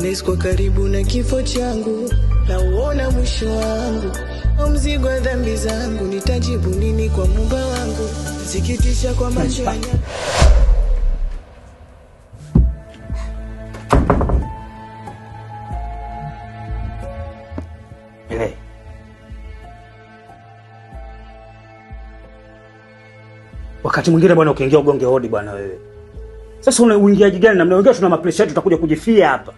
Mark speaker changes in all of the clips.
Speaker 1: naishi kwa karibu na kifo changu, nauona mwisho wangu mzigo wa dhambi zangu, nitajibu nini kwa mumba wangu? Sikitisha kwa macho yangu Wakati mwingine bwana, ukiingia ugonge hodi bwana wewe. Sasa una uingiaji gani? Namnaongea, tuna mapresha yetu, tutakuja kujifia hapa.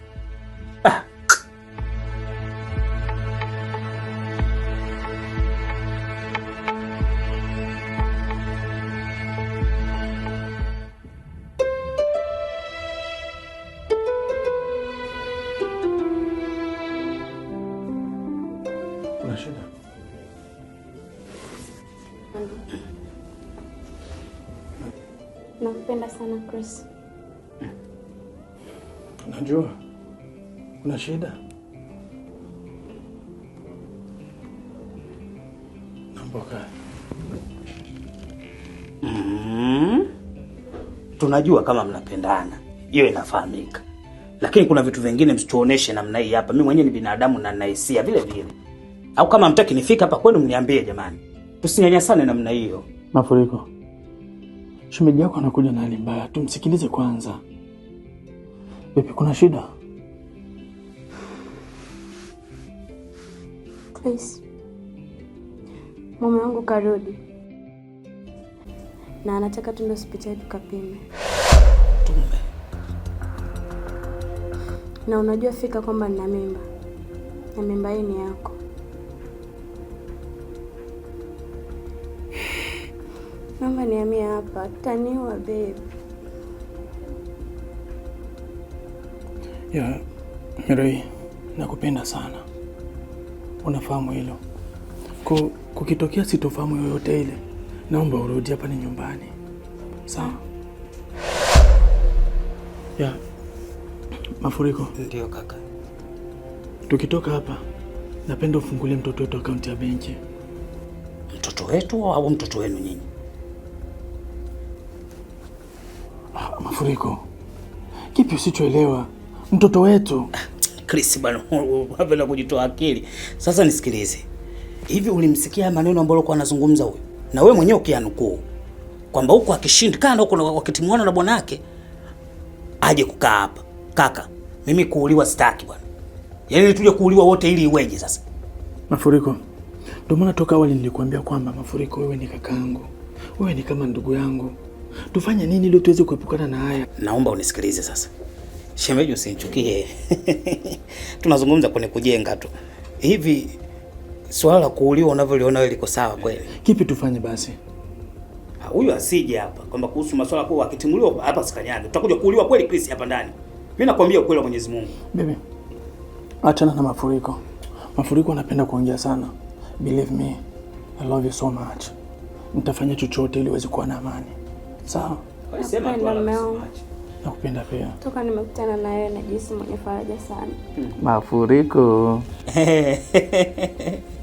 Speaker 1: Kuna shida?
Speaker 2: Nakupenda sana Chris.
Speaker 1: Najua kuna shida. Namboka. Mm-hmm. Tunajua kama mnapendana, hiyo inafahamika, lakini kuna vitu vingine msituoneshe namna hii hapa. Mimi mwenyewe ni binadamu na nahisia vile vile au kama mtaki nifika hapa kwenu, mniambie jamani, tusinyanyasane namna hiyo. Mafuriko, shemeji yako anakuja na hali mbaya, tumsikilize kwanza. Vipi, kuna shida?
Speaker 2: Please. Mume wangu karudi na anataka tuende hospitali tukapime Tume. na unajua fika kwamba nina mimba na mimba hii ni yako. Naomba nihamie hapa, taniwa babe.
Speaker 1: Ya na nakupenda sana, unafahamu hilo. Kukitokea sitofahamu yoyote ile, naomba urudi hapa, ni nyumbani, sawa? Ya mafuriko ndio kaka, tukitoka hapa, napenda ufungulie mtoto wetu akaunti ya benki.
Speaker 3: Mtoto wetu au mtoto wenu nyinyi?
Speaker 1: mafuriko. Kipi usichoelewa? Mtoto wetu
Speaker 3: Chris bwana, hapo na kujitoa akili. Sasa nisikilize. Hivi ulimsikia maneno ambayo alikuwa anazungumza huyo? Na wewe mwenyewe ukianukuu kwamba huko akishindikana huko wakitimuana na bwana yake aje kukaa hapa. Kaka, mimi kuuliwa sitaki bwana. Yaani nituje kuuliwa wote ili iweje sasa?
Speaker 1: Mafuriko. Ndio maana toka awali nilikuambia kwamba Mafuriko, wewe ni kakaangu. Wewe ni kama ndugu yangu. Tufanye nini ili tuweze kuepukana na haya?
Speaker 3: Naomba unisikilize sasa, shemeji, usinichukie tunazungumza kwenye kujenga tu. Hivi swala la kuuliwa unavyoliona wewe liko sawa kweli?
Speaker 1: Kipi tufanye basi?
Speaker 3: Ah, huyu asije hapa kwamba kuhusu masuala kwa akitimuliwa hapa sikanyage, tutakuja kuuliwa kweli Chris hapa ndani. Mimi nakwambia ukweli wa Mwenyezi Mungu.
Speaker 1: Bibi, achana na mafuriko. Mafuriko anapenda kuongea sana. Believe me, I love you so much. Nitafanya chochote ili uweze kuwa na amani. Sawa, nakupenda pia.
Speaker 2: Toka nimekutana na wewe najisikia mwenye faraja sana.
Speaker 4: Hmm. Mafuriko